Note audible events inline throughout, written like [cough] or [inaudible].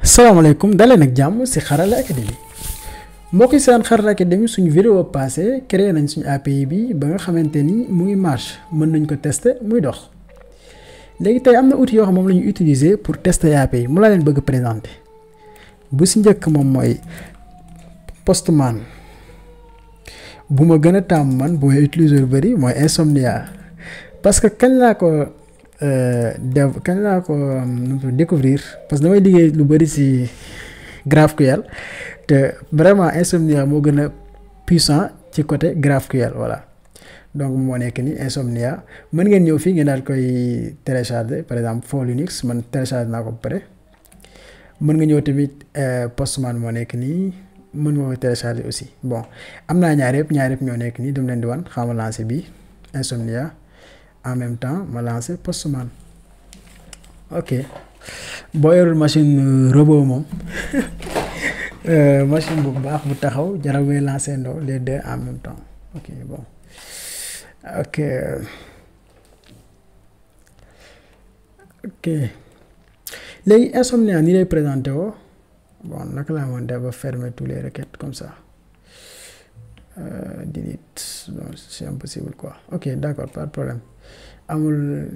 salaamaaleykum daleen nag jàmm si Xarala Academy mbokki seen Xarala Academy suñu vidéo passé créé nañ suñu API bi ba nga xamante ni mu ngi marche mën nañ ko tester muy dox léegi tey am na outil yoo xam moom la ñu utiliser pour teste API mu la leen bëgg présenter bu si njëkk moom mooy Postman bu ma gën a tàmm man bu may utiliser lu bëri mooy Insomnia parce que kañ laa ko. Euh, de kañ laa ko um, découvrir parce que damay liggéey lu bëri si GraphQL te vraiment Insomnia moo gën a puissant ci côté GraphQL voilà donc moo nekk ni Insomnia mën ngeen ñëw fii ngeen daal koy télécharger par exemple for Linux man télécharger naa ko ba pare mën nga ñëw tamit euh, Postman moo nekk nii mën nga ko télécharger aussi bon am naa ñaar yëpp ñaar yëpp ñoo nekk nii dama leen di wan xamal bi Insomnia en même temps ma lancer Postman ok boo une machine euh, robot moom [laughs] euh, machine bu baax bu taxaw lancer les deux en même temps ok bon ok ok léegi insomnia ni lay présenté woo bon naka laa mën ba fermer tous les requêtes comme ça euh, c'est impossible quoi ok d'accord pas de problème amul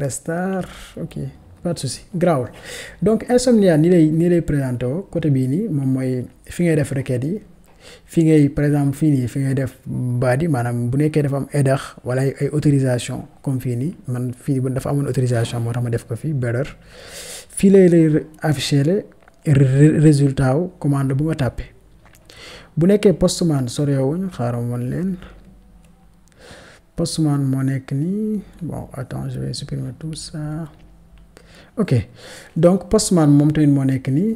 restart ok pas de souci grave. donc insomnia ni les ni les présenté côté bini, mon moi, par exemple fi ngay def bu am autorisation comme fii man fii autorisation moo tax def better le résultat commande bu bu nekkee postman sorewuñ xaaral woon leen postman moo nekk nii bon attends je vais supprimer tout ça ok donc postman moom tamit moo nekk nii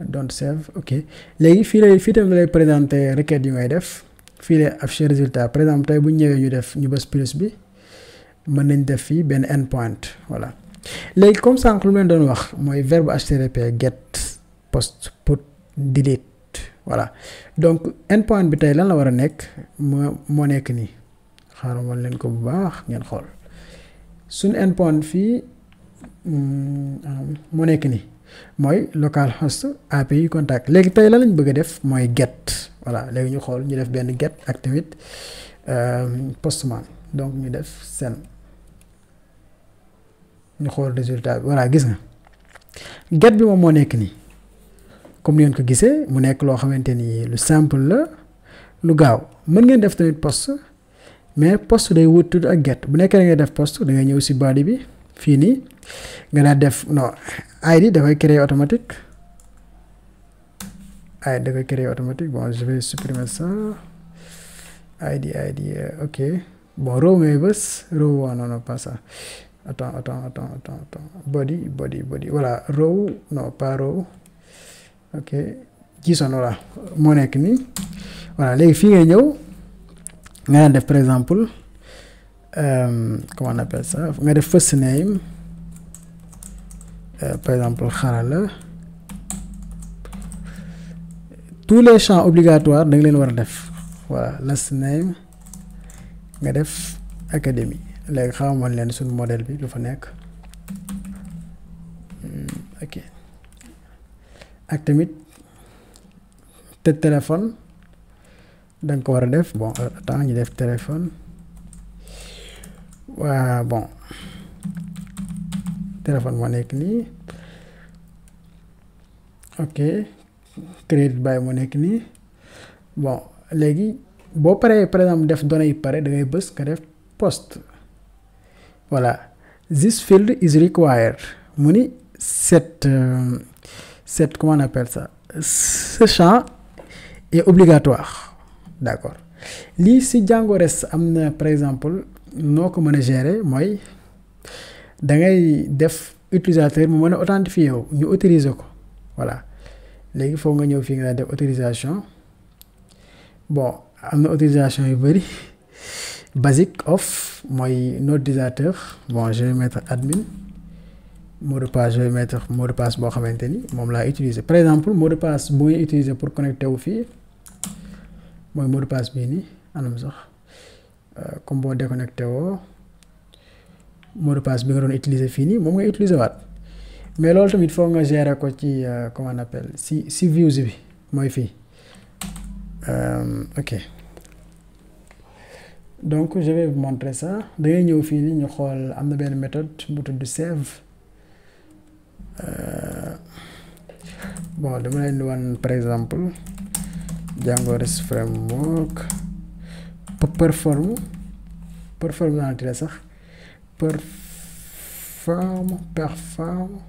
don't save ok léegi fii lay fii tamit lay présenter requête yi ngay def fii lay afficher résultat par exemple tey bu ñëwee ñu def ñu bës plus bi mën nañ def fii benn end point voilà léegi comme sànq lu mu leen doon wax mooy verbe http get post put delete voilà donc endpoint bi tey lan la war a nekk moo moo nekk nii xaaral ma leen ko bu baax ngeen xool suñu endpoint fii hmm, moo nekk nii mooy local localhost API contact léegi tey lan lañ bëgg a def mooy get voilà léegi ñu xool ñu def benn get ak tamit euh, postman donc ñu def send ñu xool résultat bi gis nga get bi moom moo nekk nii. comme ni ngeen ko gisee mu nekk loo xamante ni lu simple la lu gaaw mën ngeen def tamit post mais post day wut tudd ak get bu nekkee da ngay def post da ngay ñëw si body bi fii nii nga daal def non ID da koy créer automatique ID da koy créer automatique bon je vais supprimer ça ID ID euh, ok bon row ngay bës row waa non non pas ça attends attends attends attends body body body voilà row non pas row ok JSON voilà moo nekk nii voilà léegi fii ngay ñëw nga daan def par exemple euh, comment on appelle ça nga def first name euh, par exemple xarala tous les champs obligatoires da nga leen war a def voilà last name nga def académie léegi xamal leen suñu modèle bi lu fa nekk hmm, ok ak tamit téléphone da nga bon euh, ñu téléphone Wa bon téléphone mon ok crédit by moo bon léegi par exemple def données yi da ngay post voilà this field is required mu euh, cette, comment on appelle ça Ce champ est obligatoire. D'accord. Ici si Django REST par exemple nous ko mën gérer mooy da ngay def utilisateur mu on a authentifier ñu autoriser voilà Nous foog nga une fii autorisation bon am autorisation yu basique off moi, notre utilisateur bon je vais mettre admin mot de passe je vais mettre mot de passe boo xamante ni moom utiliser par exemple mot de passe bon, utilisé utiliser pour connecter wu fii mooy mot de passe bii nii anam sax euh, comme boo déconnecté woo mot de passe bi nga utiliser fini. nii moom ngay utiliser waat mais loolu tamit foog nga gérer ko ci euh, comment on appelle si si views bi fi. Euh, ok donc je vais vous montrer ça da ngay ñëw fii nii ñu méthode bu de save euh, bon dama leen di par exemple Django REST framework perform perform dans la sax perform perform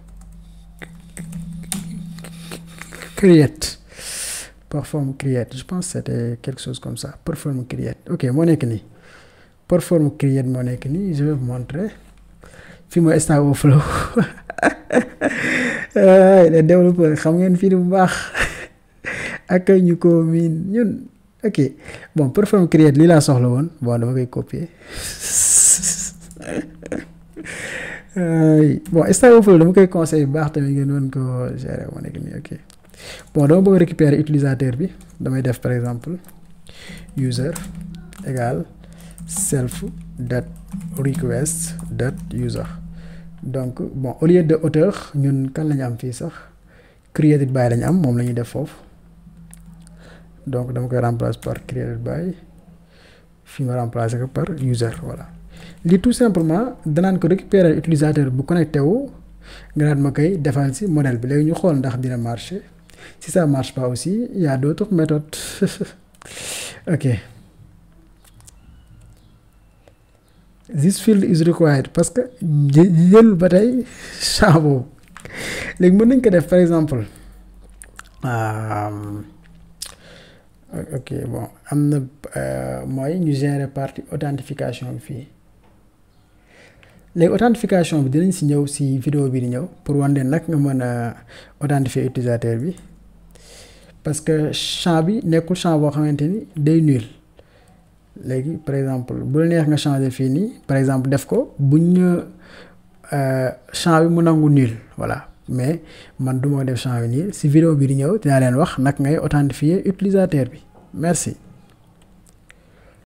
create perform create je pense c'était quelque chose comme ça perform create ok mon nekk perform create mon je vais vous montrer est-ce mooy vous [laughs] Overflow les développeurs xam ngeen fii bu baax accueil ñu ko miin ñun ok bon perform create lii laa soxla woon bon dama koy copier bon Stack Overflow dama koy conseil bu baax tamit ngeen mën ko gérer moo nekk nii ok bon dama bëgg récupérer utilisateur bi damay def par exemple user égal self dot request dot user donc bon au lieu de auteur ñun kan lañ am fii sax created by lañ am moom la ñuy def foofu donc dama koy remplacer par created by fi ma remplacer ko par user voilà li tout simplement danaan ko récupérer utilisateur bu connecté wu nga naan ma koy defal si modèle bi léegi ñu xool ndax dina marché si ça marche pas aussi il y a d'autres méthodes [laughs] ok this field is required parce que jël ba tey champ boobu léegi mën nañ ko def par exemple ok bon am na euh, mooy ñu gérer partie authentification bi fii léegi authentification bi dinañ si ñëw si vidéo bi di ñëw pour wan leen nag nga mën a authentifier utilisateur bi parce que champ bi nekkul champ boo xamante ni day nul léegi par exemple bu la neex nga changer fii nii par exemple def ko buñ champ bi mu nangu nul voilà mais man du ma def champ bi nii si vidéo bi di ñëw dinaa leen wax nag ngay authentifier utilisateur bi merci